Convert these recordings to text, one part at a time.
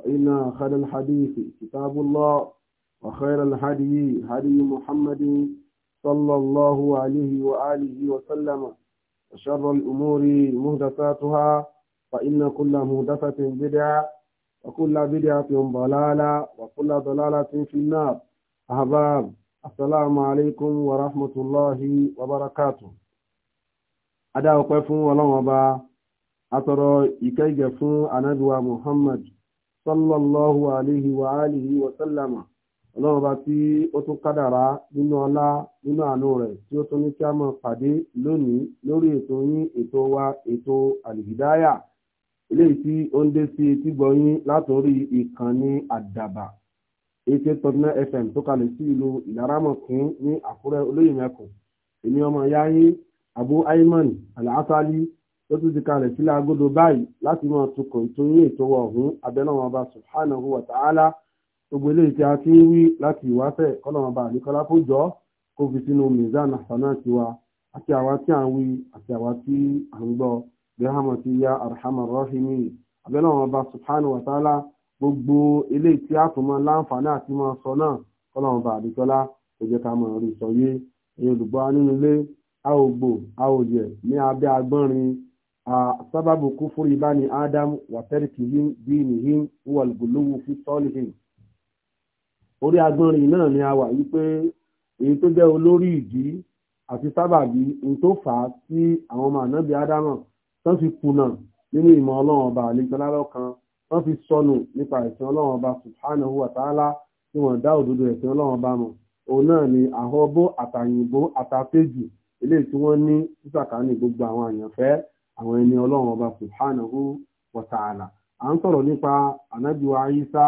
فإن خير الحديث كتاب الله وخير الهدي هدي محمد صلى الله عليه وآله وسلم وشر الأمور مهدساتها فإن كل مهدسة بدعة وكل بدعة ضلالة وكل ضلالة في النار أحباب السلام عليكم ورحمة الله وبركاته أدعو قفو ولوم أبا أترى إكيجة فو أندوى محمد sallallahu alayhi wa alihi wa sallama ọlọ́run bá tí ó tún kádàrá nínú ọlá nínú àánú rẹ̀ tí ó tún ní kí a máa pàdé lónìí lórí ètò yín ètò wa ètò àlìhídáyà eléyìí tí ó ń dé sí etí gbọ̀nyín látòrí ìkànnì àdàbà eight eight point nine fm tó kalẹ̀ sí ìlú ìlaramọ̀kún ní àkúrẹ́ olóyìnbẹ̀kùn èmi ọmọ yáyín abu ayman alaasali ló tún ti kalẹ̀ sílẹ̀ agodo báyìí láti máa tukọ̀ ìtòyí ètò ọ̀hún abẹ́lẹ́wọ̀n ọba subhanahu wa ta'ala gbogbo eléyìí tí a ti ń wí láti ìwáfẹ́ kọ́lọ́wọ́n ọba àníkọ́lá kó jọ kó fi sínú mizan hasanati wa àti àwa tí à ń wí àti àwa tí à ń gbọ́ bẹ́hàmọ̀ ti ya arhamar rahimin abẹ́lẹ́wọ̀n ọba subhanahu wa ta'ala gbogbo eléyìí tí a tún máa láǹfààní àti máa sọ náà kọ́lọ́wọ́n ọba àníkọ́lá kó jẹ́ ká máa rí sọ yé olùgbọ́ sababu kufuri bani adam wa tarkihim dinihim huwa al-ghuluw fi salihim orí agbọ́nrin náà ni a wà wípé èyí tó jẹ́ olórí ìdí àti sábàbí n tó fà á sí àwọn ọmọ ànábì ádámà tán fi kùnà nínú ìmọ̀ ọlọ́run ọba àlejòlá lọ́kan wọ́n fi sọnù nípa ẹ̀sìn ọlọ́run ọba subhanahu wa ta'ala tí wọ́n dá òdodo ẹ̀sìn ọlọ́run ọba mọ̀ òun náà ni àhọ́bó àtàyìnbó àtàpéjì eléyìí tí wọ́n ní sísàkánì gbogbo àwọn àyànfẹ́ àwọn ẹni ọlọ́run ọba subhanahu wa ta'ala à ń sọ̀rọ̀ nípa anabiwa isa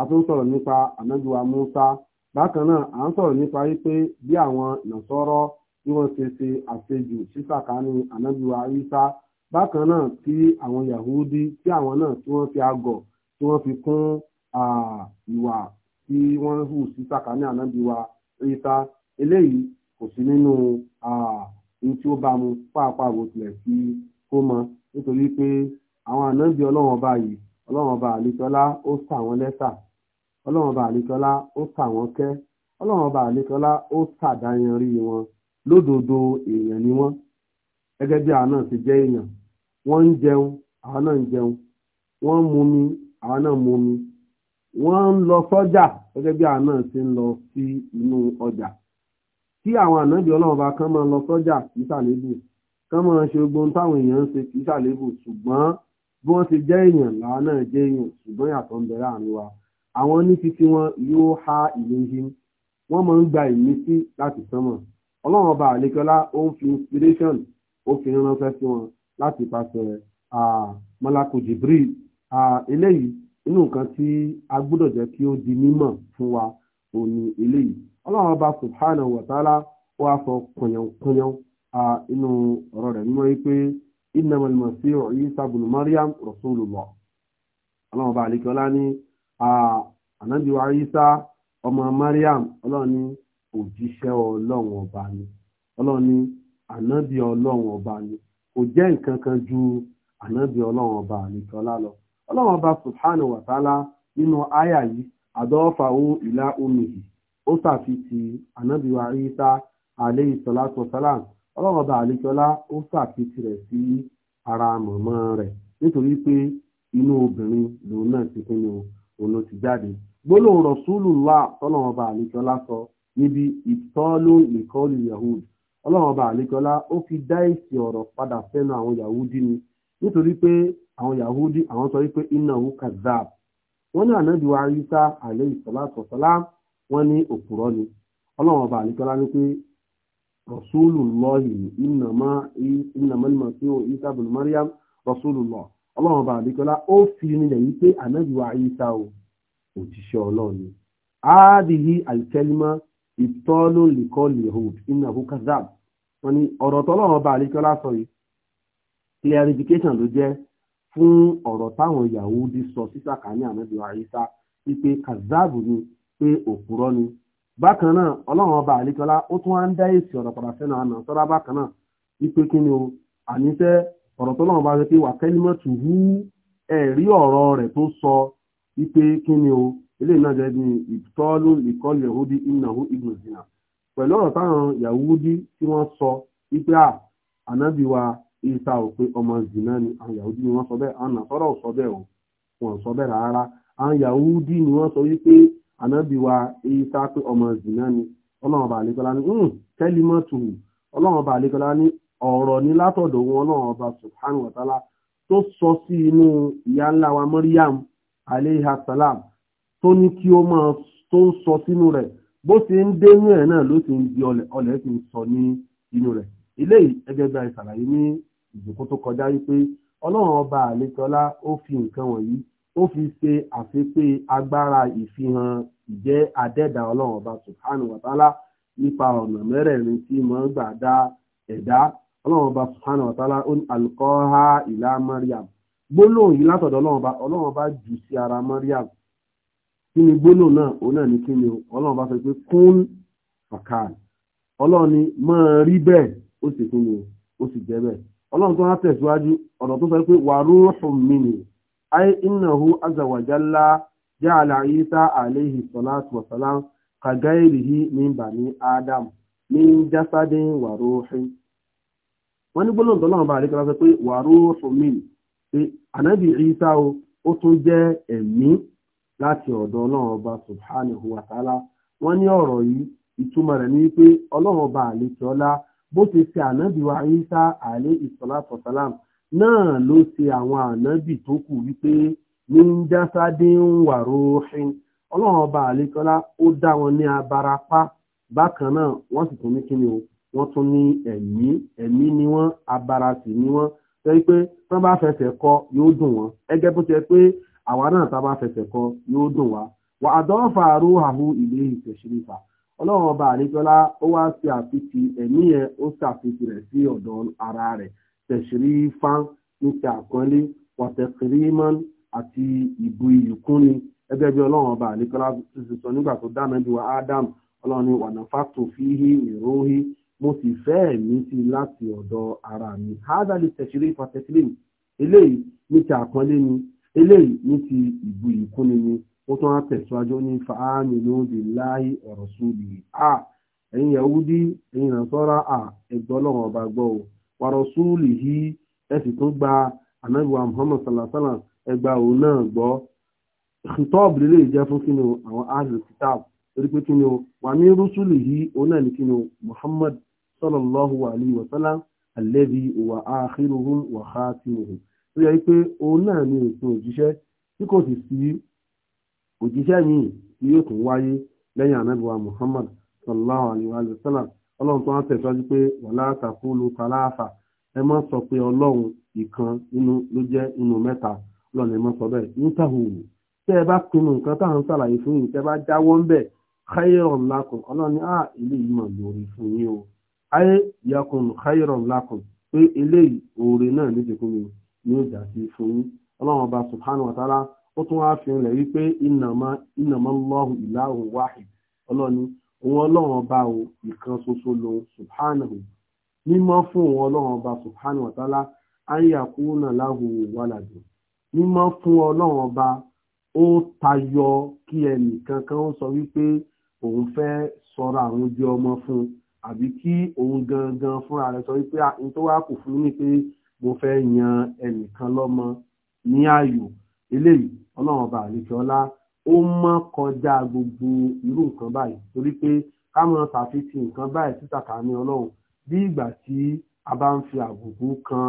a tún sọ̀rọ̀ nípa anabiwa musa bákan náà à ń sọ̀rọ̀ nípa wípé bí àwọn nàṣọ́rọ́ bí wọ́n ṣe ṣe àṣejù sísàkánì anabiwa isa bákan náà tí àwọn yahudi tí àwọn náà tí wọ́n fi àgọ̀ tí wọ́n fi kún ìwà tí wọ́n hù sísàkánì anabiwa isa eléyìí kò sí nínú ní tí ó bá mu pàápàá bó tilẹ̀ sí kó mọ nítorí pé àwọn ànábì ọlọ́run ọba yìí ọlọ́run ọba àlekọ́lá ó sàwọn wọ́n lẹ́ṣà ọlọ́run ọba àlekọ́lá ó ṣà kẹ́ ọlọ́run ọba àlekọ́lá ó wọn lódodo èèyàn ni wọn gẹ́gẹ́ bí àwọn náà ti jẹ́ èèyàn wọ́n ń jẹun àwọn náà ń mumi àwọn náà mumi wọ́n lọ sọ́jà gẹ́gẹ́ bí àwọn náà lọ sí inú ọjà àwọn ànábì ọba kan máa lọ sọ́jà nísàlẹ̀ kán máa ṣe ogun táwọn èèyàn ń ṣe kì í ṣàlébù ṣùgbọ́n bí wọ́n ti jẹ́ èèyàn làwọn náà jẹ́ èèyàn ṣùgbọ́n yàtọ̀ ń bẹ láàrin wa àwọn ní títí wọn yóò há ìlú yìí wọ́n máa ń gba ìmísí láti sánmọ̀ ọlọ́run ọba àlekọ́lá ó ń fi inspiration ó fi ránṣẹ́ sí wọn láti pàṣẹ mọ́lákù Jibril eléyìí inú nǹkan tí a gbọ́dọ̀ jẹ́ kí ó di mímọ̀ fún wa òní eléyìí ọlọ́run ọba subhanahu wa ta'ala ó wá sọ kànyànkànyàn inú ọ̀rọ̀ rẹ̀ nínú wípé innamal masihu Isa ibn Maryam rasulullah ọlọ́run ọba àlekọ́lá ní ànábì wa Isa ọmọ Maryam ọlọ́run ní òjíṣẹ́ ọlọ́run ọba ni ọlọ́run ní ànábì ọlọ́run ọba ni kò jẹ́ nǹkan kan ju ànábì ọlọ́run ọba àlekọ́lá lọ ọlọ́run ọba subhanahu wa ta'ala nínú àyà yìí àdọ́fàwó ìlà omi ó ṣàfihàn ànábì wa Isa alayhi ọlọ́run ọba àlejòlá ó ṣàkíyèsí rẹ̀ sí ara mọ̀mọ́ rẹ̀ nítorí pé inú obìnrin lòun náà ti pinnu òun ti jáde gbólóhùn Rasulullah tọ́lọ́run ọba àlejòlá sọ níbi ìtọ́lú ìkọ́lù yahud ọlọ́run ọba àlejòlá ó fi dá èsì ọ̀rọ̀ padà sẹ́nu àwọn yahudi ni nítorí pé àwọn yahudi àwọn sọ wípé Wọn ní wa salatu ní ni رسول الله innamal masihu isa bin maryam rasulullah ọlọ́run ọba àdékọ́lá ó fi nílẹ̀ yìí pé ànábìwá isa o òjíṣẹ́ ọlọ́run ni áàdìhí alkalima ìtọ́lù lìkọ́lì hood innahu kadhab wọn ni ọ̀rọ̀ tọ́lọ́run ọba àdékọ́lá yìí clarification ló jẹ́ fún ọ̀rọ̀ táwọn Yahudi sọ sísàkà ní ànábìwá isa wípé kadhab ni pé òpùrọ́ ni bákan náà ọlọ́run ọba àlejòlá ó tún wá ń dá èsì ọ̀rọ̀ padà sẹ́nu àná sọ́dá bákan náà wípé kí ni o ọ̀rọ̀ tó bá sọ pé wà kẹ́límọ̀ tù hú ẹ̀rí ọ̀rọ̀ rẹ̀ tó sọ wípé kí ni o eléyìí náà sọ wípé à ànábì wa isa ò pé ọmọ zina ni àwọn sọ bẹ́ẹ̀ anabiwa wa Ìsá ọmọ zìnà ni ọlọ́run ọba àlékọ́lá ní hmm, tẹ́lí mọ́tò ọlọ́run ọba àlékọ́lá ní ọ̀rọ̀ ní látọ̀dọ̀ wọn ọlọ́run sọ sí inú ìyá ńlá wa Maryam aleyha salam tó ní kí ó máa tó ń sọ sínú rẹ bó ti ń dénú ẹ̀ náà ló ti ń sọ ní inú eléyìí gba ìsàlàyé ní tó kọjá wípé ọlọ́run fi nǹkan wọ̀nyí ó fi ṣe àṣepé agbára ìfihàn ìjẹ́ adẹ́dà ọlọ́run ọba subhanahu wa ta'ala nípa ọ̀nà mẹ́rẹ̀ẹ̀rin tí mọ̀ ń gbà dá ẹ̀dá ọlọ́run ọba subhanahu wa ta'ala alukọ́ha ìlà Maryam gbólóhùn yìí látọ̀dọ̀ ọlọ́run ọba ọlọ́run ọba jù sí ara Maryam kí ni gbólóhùn náà òun náà ní kí ni ọlọ́run ọba sọ pé kún fàkàn ọlọ́run ni máa rí bẹ́ẹ̀ ó sì kí ni ó sì jẹ́ bẹ́ẹ̀ ọlọ́run tó wá tẹ̀síwájú ọ̀rọ̀ tó sọ pé wàrúhùn mi nìyẹn ai innahu azza wa jalla ja'ala isa alaihi salatu wa salam ka gairihi min bani adam min jasadin wa ruhin wọ́n ní gbólóhùn tọ́lọ́run bá àríkà sọ pé wa ruhun min pé ànábì isa o ó tún jẹ́ ẹ̀mí láti ọ̀dọ̀ ọlọ́run ọba subhanahu wa ta'ala wọ́n ní ọ̀rọ̀ yìí ìtumọ̀ rẹ̀ ní pé ọlọ́run ọba àlejò ọlá bó ti ṣe ànábì wa isa alaihi salatu wa náà ló ṣe àwọn ànábì tó kù wípé ní ń jásádé ń wà róṣin ọlọ́run ọba àlékọ́lá ó dá wọn ní abarapá bákan náà wọ́n sì tún ní o wọ́n tún ní ẹ̀mí ẹ̀mí ni wọ́n abara ni wọ́n pé wọ́n bá fẹsẹ̀ kọ yóò dùn wọ́n ẹgẹ́ bó ti pé àwa náà tá a bá fẹsẹ̀ kọ yóò dùn wá wà á dán fàáró àhú ìlé ìtẹ̀sírífà ọlọ́run ọba àlékọ́lá ó wá ṣe àfitì ẹ̀mí yẹn ó rẹ̀ sí ara rẹ̀ tashrifan ní ti àkọ́lé wàtẹ̀kìrímọ́n àti ìbú ìyìkúnni gẹ́gẹ́ bí ọlọ́run ọba àlékọ́lá tó ti sọ nígbà tó dáná bí wa Adam ọlọ́run ni wà náfà tó fi hí ìróhí mo sì fẹ́ mi sí láti ọ̀dọ̀ ara mi hádàlì tẹ̀sírí fàtẹ́sírí eléyìí ní àkọ́lé ni eléyìí ní ti ìbú ìyìkúnni ni ó tún á tẹ̀síwájú ní fàámi lóde láì ọ̀rọ̀ sóbì a ẹ̀yin Yahudi ẹ̀yin Nasara à ẹ̀gbọ́ ọlọ́run ọba gbọ́ o wàrọ̀súùlì yìí ẹ̀sìn tó gba anábìwá muhammad salasala ẹgbà òun náà gbọ́ ìtọ́ọ̀bù lílé ìjẹ́ fún kí ni o àwọn ahlul kitab torí pé kí ni o wà ní rúṣùlì yìí òun náà ní kí ni o muhammad sallallahu alayhi wa sallam alladhi wà akhiruhum wà khatimuhum tó yẹ pé òun náà ní òfin òjíṣẹ́ tí kò sì sí òjíṣẹ́ míì tí yóò tún wáyé lẹ́yìn anábìwá muhammad sallallahu alayhi wa sallam ọlọ́run tó wá tẹ̀síwájú pé wala taqulu thalatha ẹ má sọ pé ọlọ́run ìkan inú ló jẹ́ inú mẹ́ta ọlọ́run ẹ má sọ bẹ́ẹ̀ níntàhù tẹ́ ẹ bá pinnu nǹkan táwọn ṣàlàyé fún yìí tẹ́ bá jáwọ́ ń bẹ̀ khayron lakum ọlọ́run ní à ilé mà lórí fún yín o ayé yakun khayron lakun pé eléyìí oore náà ní tìkún mi ní ìjà sí fún yín ọlọ́run ọba subhanahu wa ta'ala ó tún wá fi hàn wípé innama innama Allahu ilahun wahid ọlọ́run òun ọlọ́run ọba o ìkan ṣoṣo lòun subhanahu wa ta'ala mímọ́ fún òun ọlọ́run ọba subhanahu wa ta'ala ayé kúnà lahu waladun mímọ́ fún ọlọ́run ọba ó tayọ kí ẹnìkan kan ó sọ wípé òun fẹ́ sọra àwọn ojú ọmọ fún àbí kí òun gangan fúnra rẹ̀ sọ wípé ah, n tó wá kù fún mi pé mo fẹ́ yan ẹnìkan lọ́mọ ní ààyò eléyìí ọlọ́run ọba àlekẹ́ọ́lá ó mọ́ kọjá gbogbo irú nǹkan báyìí torí pé ká mọ̀ tàfi nǹkan báyìí títàkà ní ọlọ́run bí ìgbà tí a bá ń fi àbùkù kan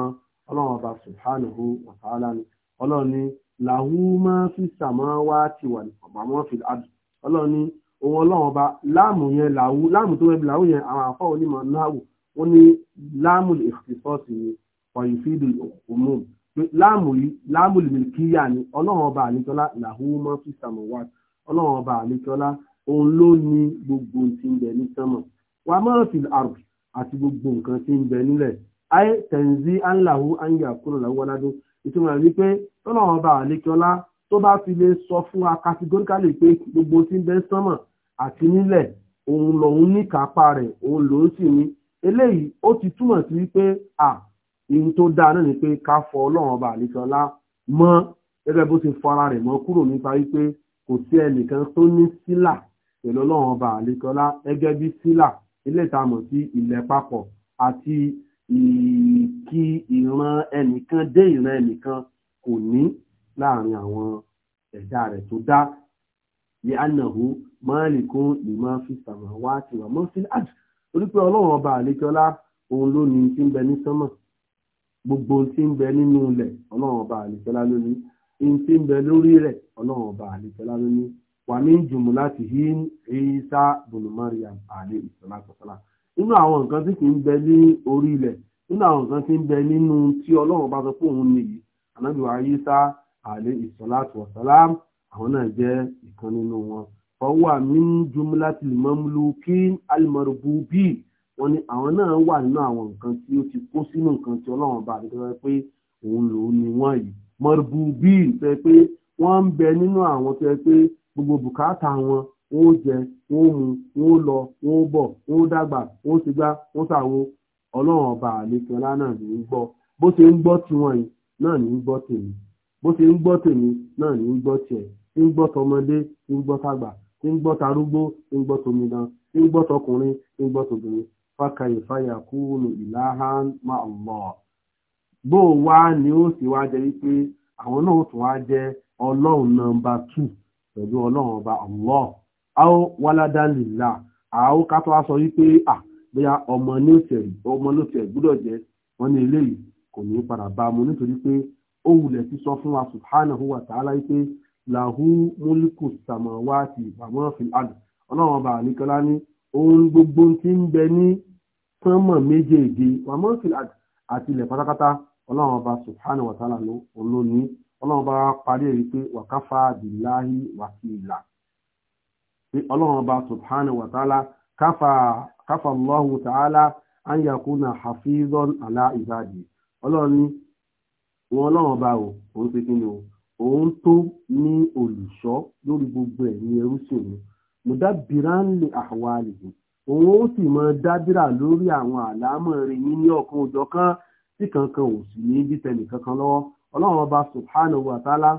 ọlọ́run ọba subhanahu wa ta'ala ni ọlọ́run ní làwù máa fi sàmọ́ wá ti wà ní ọ̀bàmọ́ fi àdù ọlọ́run ní ohun ọlọ́run ọba láàmù yẹn làwù láàmù tó wẹ́bi làwù yẹn àwọn àfọ́ onímọ̀ náàwù ó ní láàmù ìfìsọ́ọ̀sì ni ọ̀yìnfídù òmù láàmù yìí láàmù lìmìkíyà ni ọlọ́run ọba àlejọ́lá làwù máa fi sàmọ́ wá ọlọ́run ọba àlejọ́lá òun ló ní gbogbo ti ń bẹ ní sánmọ̀ wà máa fi àrùn àti gbogbo nǹkan tí ń bẹ nílẹ̀ ayé tẹ̀nzí anlahu anya kúrò láwọ́ládún ìtumọ̀ rí pé tọ́nà ọba àlékiọlá tó bá fi lè sọ fún wa kàtígóríkálì pé gbogbo tí ń bẹ sánmọ̀ àti nílẹ̀ òun lòun ní kápá rẹ̀ òun lòun sì ní eléyìí ó ti túmọ̀ sí wípé à ihun tó dáa náà ni pé ká fọ ọlọ́run ọba àlékiọlá mọ́ gẹ́gẹ́ bó ti fara rẹ̀ mọ́ kúrò nípa wípé kò sí ẹnìkan tó ní sílà pẹ̀lú ọlọ́run ọba àlékiọlá gẹ́gẹ́ bí sílà ilé ìtamọ̀ sí ilẹ̀ papọ̀ àti kí ìran ẹnìkan dé ìran ẹnìkan kò ní láàrin àwọn ẹ̀dá rẹ̀ tó dá ní ànàhó máàlìkún lè máa fi sàmà wá ti wà mọ́ sí àjù torí pé ọlọ́run ọba àlékiọlá òun ló ní tí ń bẹ ní sánmọ̀ gbogbo tí ń bẹ nínú ilẹ̀ ọlọ́run ọba àlékiọlá ló ní tí ń bẹ lórí rẹ̀ ọlọ́run ọba àlékiọlá ló ní wà ní jùmùlá ti hí ìsá bùnú Maryam alayhi salatu wasalam nínú àwọn nǹkan tí kì í bẹ ní orí ilẹ̀ nínú àwọn nǹkan tí ń bẹ nínú tí ọlọ́run bá sọ pé òun nìyí ànábì wa ìsá alayhi salatu wasalam àwọn náà jẹ́ ìkan nínú wọn fọwọ́ min jumlatil mamlukin al-marbubin wọn ni àwọn náà wà nínú àwọn nǹkan tí ó ti kó sínú nǹkan tí ọlọ́run bá àdéhùn wọ́n ń bẹ nínú àwọn tó yẹ pé gbogbo bùkátà wọn wọn ó jẹ wọn mu wọn lọ wọn bọ o wọn ó dàgbà wọn ó ti gbá wọn ṣàwo ọlọ́run ọba àlekẹ́lá náà ní í gbọ́ bó ṣe ń gbọ́ tiwọn yìí náà ní í gbọ́ tèmi bó ṣe ń gbọ́ tèmi náà ní í gbọ́ tiẹ̀ tí ń gbọ́ tọmọdé tí ń tàgbà tí ń tarúgbó tí ń tí ń wá ni ó sì wá jẹ wípé àwọn náà pẹ̀lú ọlọ́run ọba Allah àó wàládàlìlà àó ká tó wá sọ wípé à bóyá ọmọ ní òtẹ̀ ọmọ ló tẹ̀ gbúdọ̀ jẹ́ wọ́n ní eléyìí kò ní padà bá mu nítorí pé ó wulẹ̀ ti sọ fún wa subhanahu wa ta'ala wípé làhú múlíkù sàmọ̀wáàtì àmọ́ fìlàdù ọlọ́run ọba àníkọlá ní ohun gbogbo tí ń bẹ ní sánmọ̀ méjèèje àmọ́ fìlàdù àti ilẹ̀ pátápátá ọlọ́run ọba subhanahu wa ta'ala ló ní ọlọ́run bá parí èyí pé wàkáfà bìláhì wàkìlà pé ọlọ́run subhanahu wa ta'ala káfà káfà hafizan ala ibadi ọlọ́run ní wọn ọlọ́run o òun kí ni o òun tó ní olùṣọ́ lórí gbogbo ẹ̀mí ẹrú sí òun àlejò. òun ó sì mọ lórí àwọn àlámọ̀ ọlọ́run ọba subhanahu wa ta'ala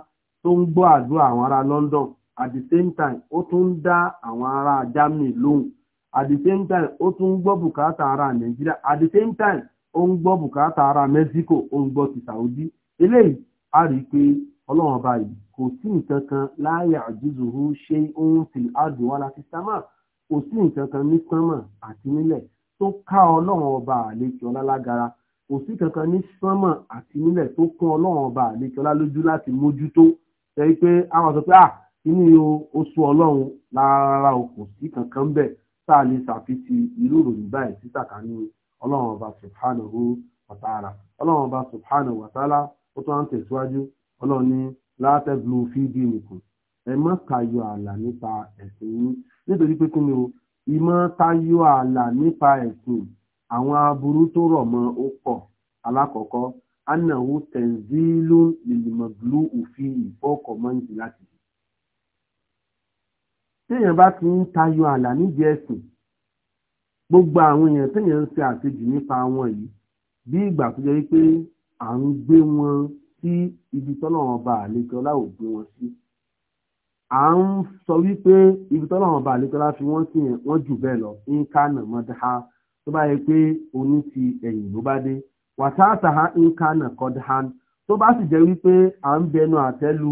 tó ń gbọ́ àdúrà àwọn ará London at the same time ó tún ń dá àwọn ará Germany lóhùn at the same time ó tún ń gbọ́ bùkátà ará Nàìjíríà at the same time ó ń gbọ́ bùkátà ará Mexico ó ń gbọ́ ti Saudi eléyìí a rí i pé ọlọ́run ọba yìí kò sí nǹkan kan láàyè àjízùhú ṣe ń fi àdùn wá láti sámà kò sí nǹkan kan ní sánmà àti nílẹ̀ tó ká ọlọ́run ọba àlejò ọlálágara kò sí kankan ní sánmà àti nílẹ̀ tó kún ọlọ́run ọba àlejòlá lójú láti mójútó ṣe pé àwọn sọ pé à ah, inú oṣù ọlọ́run rárá o kò sí kankan bẹ́ẹ̀ tá a lè ṣàfihàn irú ìròyìn báyìí sí sàkání ọlọ́run ọba subhanahu wa ta'ala ọlọ́run ọba subhanahu wa ta'ala ó tún á ń tẹ̀síwájú ọlọ́run ní látẹ́gblu fídíì nìkan ẹ má tayọ ààlà nípa ẹ̀sìn yín nítorí pé kí ni o ìmọ̀ tayọ ààlà nípa ẹ̀sìn yìí àwọn aburú tó rọ̀ mọ́ ó pọ̀ alákọ̀ọ́kọ́ anahu tenzilun lilimaglu òfin ìfọ́kọ̀ mọ́ǹdì láti ṣe. téèyàn bá ti ń tayọ àlà nídìí ẹ̀sìn gbogbo àwọn èèyàn téèyàn ń ṣe àṣejù nípa wọn yìí bí ìgbà tó jẹ́ pé à ń gbé wọn sí ibi tọ́lọ́wọ́n bá àlejò láwò gbé wọn sí. à ń sọ wípé ibi tọ́lọ́wọ́n bá àlejò láfi wọ́n sí wọ́n jù bẹ́ẹ̀ lọ ń ká nàmọ́dá tó bá yẹ pé oyún ti ẹ̀yìn ló bá dé wàtáàtàhà nkánà kọ́dán tó bá sì jẹ́ wípé à ń bẹnu àtẹ́lu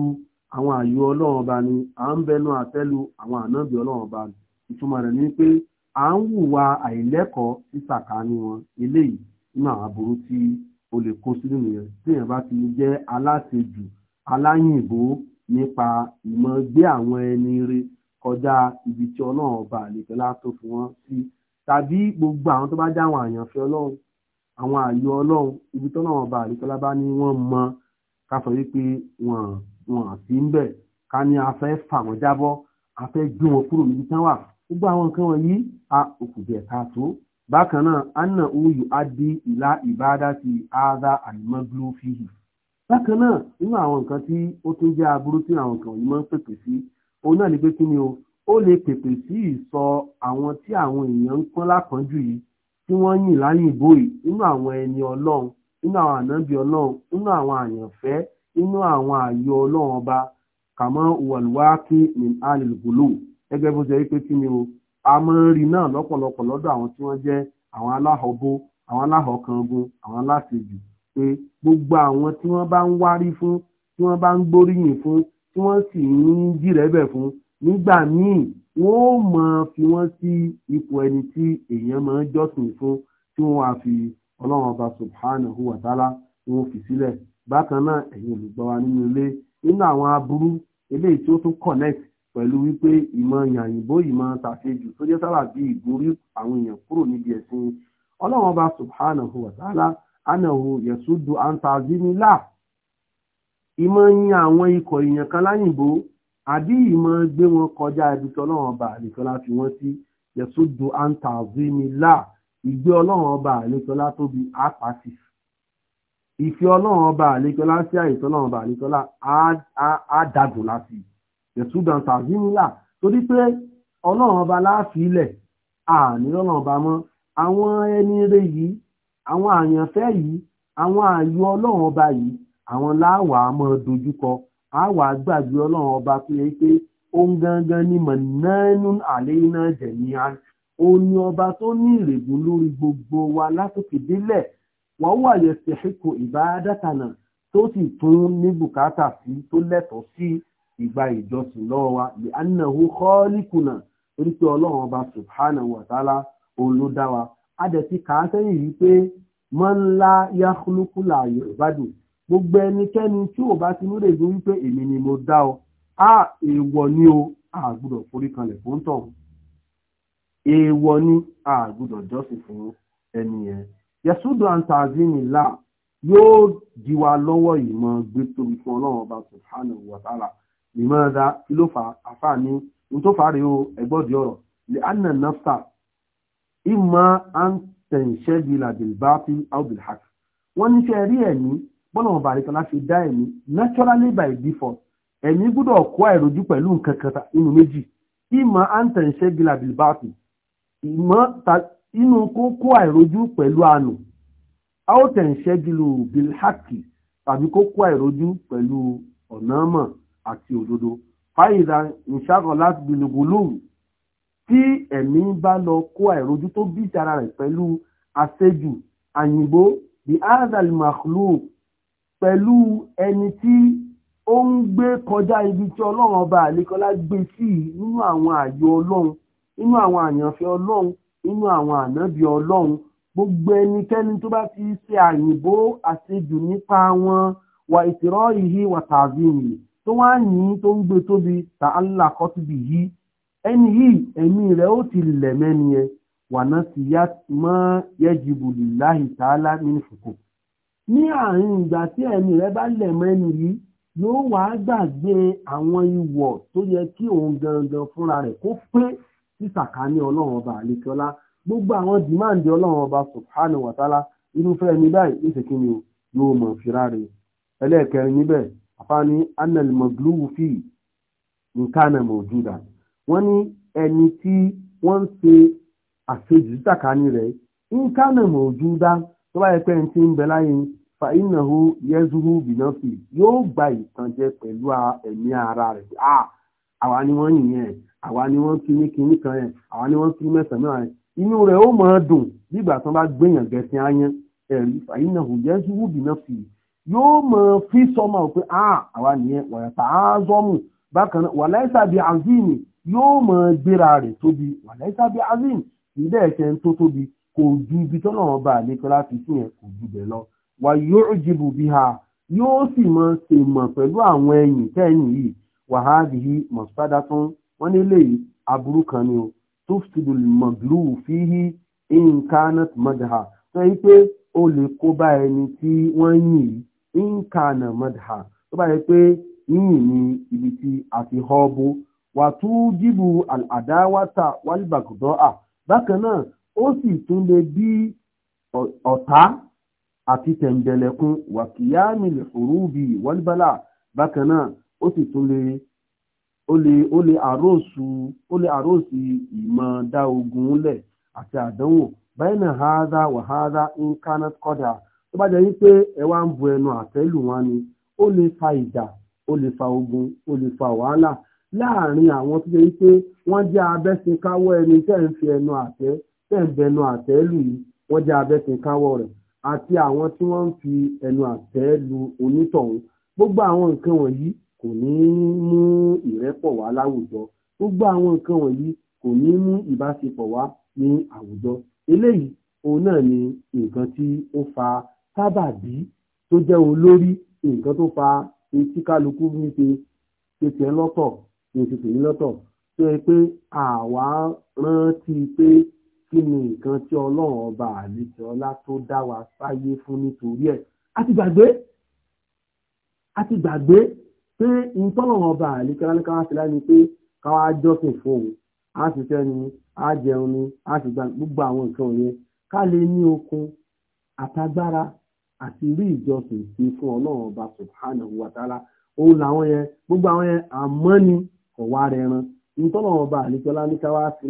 àwọn àyò ọlọ́run ọba ni à ń bẹnu àtẹ́lu àwọn ànábì ọlọ́run ọba ni ìtumọ̀ rẹ̀ ni pé à ń àìlẹ́kọ̀ọ́ wọn eléyìí nínú o lè kó sínú nìyẹn téèyàn bá ti jẹ́ aláṣejù aláyìnbó nípa ìmọ̀ gbé àwọn ẹni kọjá ibi tí ọlọ́run ọba àlejò látó tàbí gbogbo àwọn tó bá dá àwọn àyànfẹ́ ọlọ́run àwọn ààyò ọlọ́run ibi tọ́nà wọn bá àríkọ́lá bá ní wọ́n mọ ká sọ wípé wọ́n wọ́n sí ń bẹ̀ ká ní a fẹ́ fà wọ́n jábọ́ a gbé wọn kúrò níbi tán wà gbogbo àwọn nǹkan wọ̀nyí a òkùnkùn ẹ̀ka tó bákan náà anna oyu adi ìlà ìbáadá ti ada àlùmọ́gbìlú fihì bákan náà nínú àwọn nǹkan tí ó tún jẹ́ aburú tí àwọn nǹkan yìí máa ń pèpè sí òun náà ni pé kí ni o ó lè pèpè sí ìsọ àwọn tí àwọn èèyàn ń pọ́n lápọ́njù yìí tí wọ́n yìn láyìnbó yìí nínú àwọn ẹni ọlọ́run nínú àwọn ànábì ọlọ́run nínú àwọn àyànfẹ́ nínú àwọn ààyò ọlọ́run ọba kàmọ́ wọ̀lúwákì ní alìlúgbòlò gẹ́gẹ́ bó ṣe rí pé kí ni o a máa ń rí náà lọ́pọ̀lọpọ̀ lọ́dọ̀ àwọn tí wọ́n jẹ́ àwọn aláhọ̀bó àwọn aláhọ̀kangun àwọn aláṣejù pé gbogbo àwọn tí wọ́n bá ń wárí fún tí wọ́n bá ń gbóríyìn fún tí wọ́n sì ń jírẹ́bẹ̀ fún nígbà míì wọ́n ó máa fi wọ́n sí ipò ẹni tí èèyàn máa jọ́sìn fún tí wọ́n á fi ọlọ́run ọba subhanahu wa ta'ala tí wọ́n fi sílẹ̀ bákan náà ẹ̀yin olùgbọ́ wa nínú ilé nínú àwọn aburú eléyìí tí ó tún connect pẹ̀lú wípé ìmọ̀ yàyìnbó ìmọ̀ tàṣejù tó jẹ́ sábà bí ìgbórí àwọn èèyàn kúrò níbi ẹ̀sìn ọlọ́run ọba subhanahu wa ta'ala anahu yasudu antazimila ìmọ̀ yin àwọn ikọ̀ èèyàn kan láyìnbó àbí ìmọ̀ gbé wọn kọjá ibi tí ọlọ́run ọba àlekọ́lá fi wọ́n sí yẹ̀sùdù antazimila ìgbé ọlọ́run ọba àlekọ́lá tóbi apàtì ìfẹ́ ọlọ́run ọba àlekọ́lá sí àìsàn ọlọ́run ọba àlekọ́lá á dàgùn láti yẹ̀sùdù antazimila torí pé ọlọ́run ọba láàfilẹ̀ àní ọlọ́run ọba mọ́ àwọn ẹni rẹ yìí àwọn àyànfẹ́ yìí àwọn ààyò ọlọ́run ọba yìí àwọn láwàá mọ́ dojúkọ a wà gbàgbé ọlọ́run ọba tó yẹ pé òun gangan ni mọ̀nánú àléyìnà jẹ̀míà ó ní ọba tó ní ìrègùn lórí gbogbo wa látòkè délẹ̀ wọ́n wà yẹ sẹ́hìkò ìbádàtànà tó sì tún ní bùkátà sí tó lẹ́tọ̀ọ́ sí ìgbà ìjọsìn lọ́wọ́ wa lè anahu kọ́ọ́lìkùnà torí ọlọ́run ọba subhanahu wa ta'ala a dẹ̀ ti kà á sẹ́yìn yìí pé mọ́ńlá yáhùlùkùlà yorùbá dùn gbogbo ẹnikẹ́ni tí ò bá ti ní rèé wípé èmi ni mo dá ọ á èèwọ̀ ni o a gbọ́dọ̀ forí kanlẹ̀ fún tọ̀hún èèwọ̀ ni a gbọ́dọ̀ jọ́sìn fún ẹni yẹn yasudu antazini yóò di wa lọ́wọ́ ìmọ̀ gbé tóbi fún ọlọ́run ọba subhanahu wa ìmọ̀ ẹ̀dá kí ló fà áfà fà á rèé o ẹgbọ́dì ọ̀rọ̀ lè anna nafsa ìmọ̀ antẹ̀ǹṣẹ́bìlà bilbatil aw bilhaq wọ́n ní rí ẹ̀mí bọ́lá ọba àríkà láti dá ẹ̀mí naturally by default ẹ̀mí gbọ́dọ̀ kó àìrojú pẹ̀lú nǹkan kan inú méjì ìmọ̀ àǹtẹ̀ǹṣẹ́ gíla bilbaati ìmọ̀ inú kó kó àìrojú pẹ̀lú àánú àǹtẹ̀ǹṣẹ́ gílu bilhaki tàbí kó kó àìrojú pẹ̀lú ọ̀nàmọ̀ àti òdodo fáyìlà ìṣàkọ̀ láti gbìlùgbòlóhùn tí ẹ̀mí bá lọ kó àìrojú tó bí ìtara rẹ̀ pẹ̀lú àṣejù àyìnbó the azal makhluk pẹ̀lú ẹni tí ó ń gbé kọjá ibi tí ọlọ́run ọba àlékọ́lá gbé sí nínú àwọn àyò ọlọ́run nínú àwọn àyànfẹ́ ọlọ́run nínú àwọn ànábì ọlọ́run gbogbo ẹnikẹ́ni tó bá ti ṣe àyìnbó àṣejù nípa wọn wà ìṣirọ́ ìhí wà tàbí nìyí tó wá ní tó ń gbé tóbi ta Allah kọ́tùbì yìí ẹni yìí ẹ̀mí rẹ̀ ó ti lẹ̀ mẹ́ni wà náà sì yá mọ́ yẹ́jìbù lillahi ta'ala nínú fòkòkò ní àárín ìgbà tí ẹ̀mí rẹ bá lẹ̀ mẹ́nu yìí yóò wá gbàgbé àwọn ìwọ̀ tó yẹ kí òun gangan fúnra rẹ̀ kó pé sísàkání ọlọ́run ọba àlekọ́lá gbogbo àwọn dìmáàndì ọlọ́run ọba subhanahu wa ta'ala irúfẹ́ ẹni báyìí ní ìṣèkínni yóò mọ̀ fira rẹ̀ ẹlẹ́ẹ̀kẹrin níbẹ̀ àfáàní anel mọ̀gìlúwù fi nkánà mọ̀júdà wọ́n ní ẹni tí wọ́n ṣe àṣejù sísàkání rẹ̀ nkánà mọ̀júdà tó bá yẹ pé ẹni tí ń bẹ láyé fàínàhù yẹ́zúhù bìnàfì yóò gba ìtànjẹ pẹ̀lú ẹ̀mí ara rẹ̀ à àwa ni wọ́n yìn yẹn àwa ni wọ́n kí ní kíní kan yẹn àwa ni wọ́n kí mẹ́sàn-án náà yẹn inú rẹ̀ ó máa dùn nígbà tí wọ́n bá gbẹ̀yàn gẹ̀ẹ́sìn ayán ẹ̀rí fàínàhù yẹ́zúhù bìnàfì yóò máa fi sọ́mà pé à àwa nìyẹn wàyàtà áázọ́mù bákan náà wàláìsà bíi azimi yóò máa gbéra rẹ̀ tóbi wàláìsà bíi azimi kì tó tóbi kò ju ibi tọ́lọ́run bá àlékọ́lá fi sí yẹn kò ju bẹ̀ lọ wà yóò jìbù bí ha yóò sì mọ ṣe mọ̀ pẹ̀lú àwọn ẹ̀yìn tẹ́yìn yìí wàhálì yìí mọ̀sádà tán wọ́n nílé aburú kan ni o tó fìdù mọ̀gbìlú fíhí incarnate mọ̀dàhà tó yẹ pé o lè kó bá ẹni tí wọ́n yìn yìí incarnate mọ̀dàhà tó bá yẹ pé yìnyín ní ibi tí a ti họ́ bó wà tó jìbù àdáwátà wálìbàgùdọ́ à bákan náà ó sì tún lè bí ọ̀tá àti tẹ̀m̀bẹ̀lẹ̀kún wàkìyámi lẹ̀fòrúbì wọ́lbálà bákan náà ó sì tún lè ó lè àrósì ìmọ̀ dá ogun lẹ̀ àti àdánwò bẹ́ẹ̀nà haza wà haza in kánát kọ́dà tó bá jẹ́ wípé ẹ wá ń bu ẹnu àtẹ́lù wọn ni ó lè fa ìjà ó lè fa ogun ó lè fa wàhálà láàárín àwọn tó jẹ́ wípé wọ́n jẹ́ abẹ́sìn ẹni tẹ́ ń fi ẹnu àtẹ́ tẹ́ ń bẹnu àtẹ́lù yìí wọ́n jẹ́ abẹ́sìn rẹ̀ àti àwọn tí wọ́n ń fi ẹnu àtẹ́ lu onítọ̀hún gbogbo àwọn nǹkan wọ̀nyí kò ní mú ìrẹ́pọ̀ wá láwùjọ gbogbo àwọn nǹkan wọ̀nyí kò ní mú ìbáṣepọ̀ wá ní àwùjọ eléyìí òun náà ni nǹkan tí ó fa sábàbí tó jẹ́ olórí nǹkan tó fa etí kálukú ní ṣe ṣètì ẹ lọ́tọ̀ ṣètì ẹ lọ́tọ̀ tó yẹ pé àwa rántí pé kí ni nǹkan tí ọlọ́run ọba àlejò ọlá tó dá wa sáyé fún nítorí ẹ̀ a ti gbàgbé a ti gbàgbé pé ntọ́lọ́run ọba àlejò ọlá káwá sí láyé ni pé káwá jọ́sìn fóun á ṣiṣẹ́ ni á jẹun ni á sì gba gbogbo àwọn nǹkan yẹn ká lè ní okun àtagbára àti rí ìjọsìn sí fún ọlọ́run ọba subhanahu wa ta'ala òun làwọn yẹn gbogbo àwọn yẹn àmọ́ ni ọ̀wá rẹ̀ ran ntọ́lọ́run ọba àlejò ọlá ní káwá sí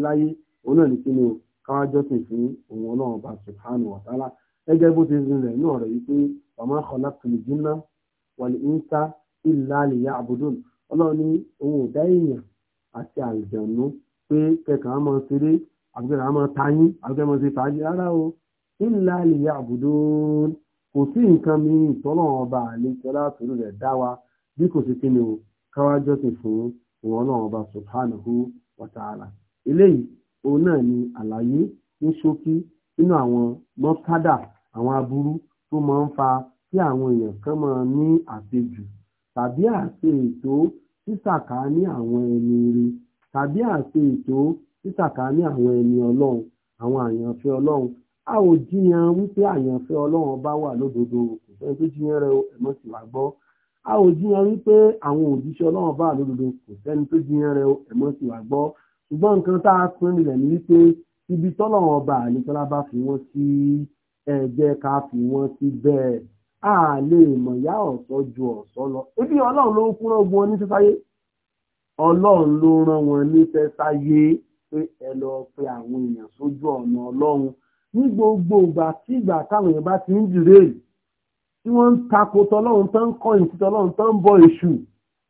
òun náà ní kí o káwájọ́ sì fún òun ọlọ́run ọba subhanahu wa ta'ala gẹ́gẹ́ bó ti rin rẹ̀ náà rẹ̀ wípé ọmọ akọ̀lá kìlìjìnnà wàlẹ̀ ìńsá ìlà àlìyá àbùdùn ọlọ́run ní òun ò dá èèyàn àti àlùjànnú pé kẹkàn á máa ṣeré àgbẹ̀rẹ̀ á máa tayín àgbẹ̀rẹ̀ máa ṣe fàájì rárá o ìlà àlìyá àbùdùn kò sí nǹkan mi ìtọ́lọ́run ọba àlejò látòrò rẹ̀ dá wa bí kò sí kí ni o káwájọ́ sì fún òun ọlọ́run ọba subhanahu wa eléyìí òun náà ni àlàyé ní ṣókí nínú àwọn mọ́kádà àwọn aburú tó máa ń fa kí àwọn èèyàn kan máa ní àṣejù tàbí àṣe ètò sísàkà ní àwọn ẹni rí tàbí àṣe ètò sísàkà ní àwọn ẹni ọlọ́run àwọn àyànfẹ́ ọlọ́run a ò jiyàn wípé àyànfẹ́ ọlọ́run bá wà lódodo kò sẹ́ni tó jiyàn rẹ ẹ̀mọ́ sì wá gbọ́ a ò jiyàn wípé àwọn òjíṣẹ́ ọlọ́run bá wà lódodo kò sẹ́ni tó jiyàn rẹ ẹ̀mọ́ sì wá gbọ́ ṣùgbọ́n nǹkan tá a pín rẹ̀ ní wípé ibi tọ́lọ́run ọba àlékọ́lá bá fi wọ́n sí ẹ jẹ́ ká fi wọ́n sí bẹ́ẹ̀ a lè mọ̀ yá ọ̀sọ́ ju ọ̀sọ́ lọ ebi ọlọ́run ló ń kúrò gun wọn ní sẹ́sáyé ọlọ́run ló rán wọn ní sẹ́sáyé pé ẹ lọ pe àwọn èèyàn sójú ọ̀nà ọlọ́run ní gbogbo ìgbà tí ìgbà táwọn èèyàn bá ti ń dìrè tí wọ́n ń takò tọ́lọ́run tán ń kọ́ ìtìtọ́lọ́run tán ń bọ èṣù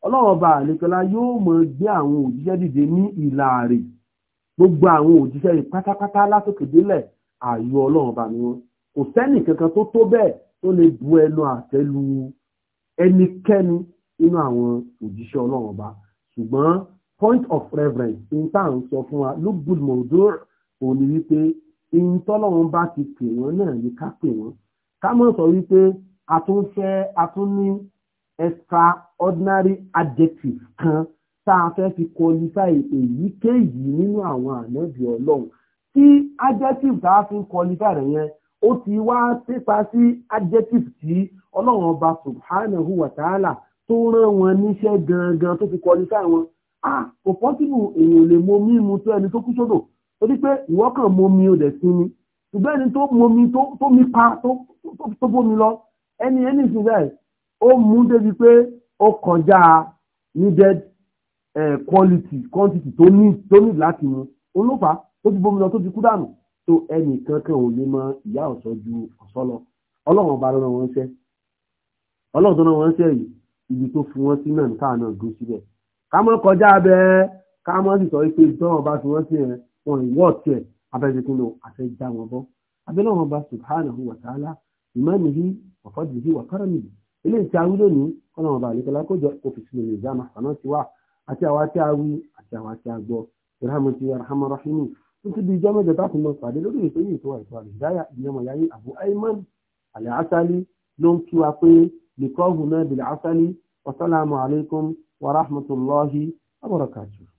ọlọ́run ọba àlekọlá yóò mọ gbé àwọn òjíṣẹ́ dìde ní ìlàrè gbogbo àwọn òjíṣẹ́ yìí pátápátá látòkè délẹ̀ ààyò ọlọ́run ọba ni wọn kò sẹ́nì kankan tó tó bẹ́ẹ̀ tó lè bu ẹnu àtẹ́ lu ẹnikẹ́ni nínú àwọn òjíṣẹ́ ọlọ́run ọba ṣùgbọ́n point of reference in tá à ń sọ fún wa ló gbúdọ̀ mọ̀ọ́dọ́ òní wípé ìyìn tọ́lọ́run bá ti pè wọ́n náà ní ká pè wọ́n ká mọ̀ sọ wípé a tún extraordinary adjective kan tá a fẹ́ fi qualify èyíkéyìí nínú àwọn ànábì ọlọ́run tí adjective tá a fi ń qualify rẹ̀ yẹn ó ti wá pípa sí adjective tí ọlọ́run ọba subhanahu wa ta'ala tó rán wọn níṣẹ́ gangan tó fi qualify wọn ah kò pọ́sibù èèyàn lè mọ mímu tó ẹni tó kú sódò torí pé ìwọ́kàn momi ò dẹ̀ sinmi ṣùgbọ́n ẹni tó momi tó mi pa tó bómi lọ ẹni ẹni ìsìn ó mú débi pé ó kọjá needed quality quantity tó ní tó ní láti mu olófà tó ti bomi lọ tó ti kú dànù tó ẹnì kankan ò lè mọ ìyá ju ọ̀sọ́ lọ ọlọ́run ọba lọ́nà wọn ṣẹ́ ọlọ́run tó wọn ṣẹ́ yìí ibi tó fi wọ́n sí náà káà náà dúró síbẹ̀ ká kọjá ká sì sọ pé bá fi wọ́n sí wọn ìwọ́ tiẹ̀ abẹ́rẹ́ tó àfẹ́ já wọn bọ́ abẹ́lẹ́ ilé ìtí awí lónìí kọ́nà ọba àlekọ́lá kójọ kò fi sílẹ̀ nìjà máa sànà ti wá àti àwa tí a wí àti àwa tí a gbọ́ ìrahàmù ti arahàmù rahimu títí di ìjọ mẹ́jọ táàkùn mọ pàdé lórí ètò yìí tó àìsàn àlùdáyà ìyẹmọ yáyé Abu Ayman al-Asali ló ń kí wa pé nìkọ́ hùnà bil-Asali wasalaamu alaykum wa rahmatulahi wa